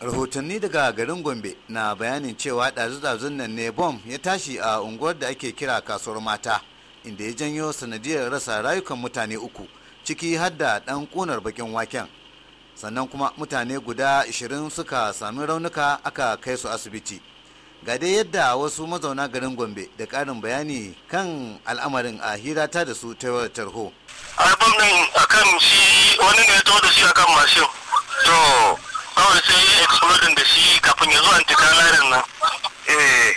rahotanni daga garin gombe na bayanin cewa ɗazu-ɗazun nan ne bom ya tashi a unguwar da ake kira kasuwar mata inda ya janyo sanadiyar rasa rayukan mutane uku ciki har da ɗan ƙunar bakin waken sannan kuma mutane guda 20 suka sami raunuka aka kai su asibiti ga dai yadda wasu mazauna garin gombe da ƙarin bayani kan al'amarin a hirata da su ta tarho. albam nan akan shi wani ne ya da shi akan mashin exploding da shi kafin ya zo antikalarin nan eh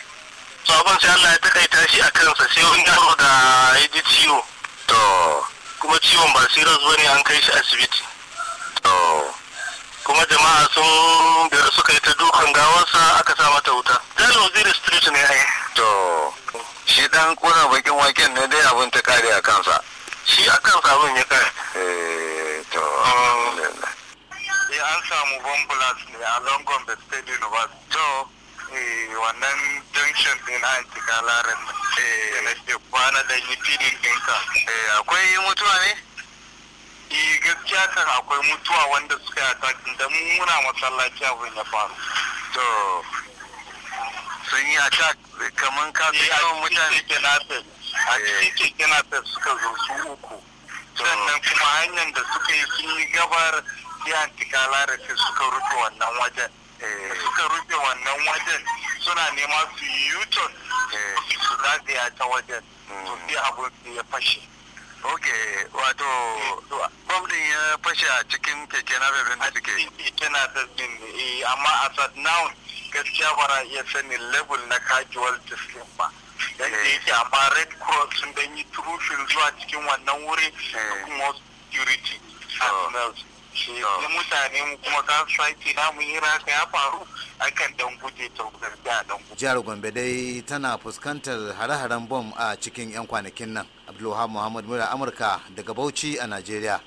so abin sai Allah ya takaita shi a kansa sai wani yaro da ya ji ciwo to kuma ciwon ba serious ne an kai shi asibiti to kuma jama'a sun biyar suka yi ta dukan gawarsa aka sa mata wuta jalo waziri street ne ai to shi dan kuna bakin waken ne dai abin ta kare a kansa shi a kansa abin ya kare eh to mm. an samu bombulas ne a longon state university to eh, wannan junction din an cika larin na ce eh, kwana da yi filin ɗinka eh, akwai mutuwa ne gaskiya kan akwai mutuwa wanda suka yi atakin da muna masallaci abin ya faru to sun yi attack kamar ka yawan mutane a cikin keke suka zo su uku sannan kuma hanyar da suka yi sun yi gabar yan tikala da sai suka rufe wannan wajen eh, suka rufe wannan wajen suna nema su yi yuton eh, su zagaya ta wajen to mm. sai abin ya fashe ok wato bom din ya fashe a cikin keke na bebin da suke keke na bebin eh, amma a sat now gaskiya ba na iya sanin level na casualties din ba yadda yake amma red cross sun dan yi trufin zuwa cikin wannan wuri da kuma security shi mutane kuma kasuwanci na mun yi raka ya faru akan dan guje ta a dan guje. Jihar Gombe dai tana fuskantar hare-haren bom a cikin 'yan kwanakin nan. Abdulwahab Muhammad Mura Amurka daga Bauchi a Najeriya.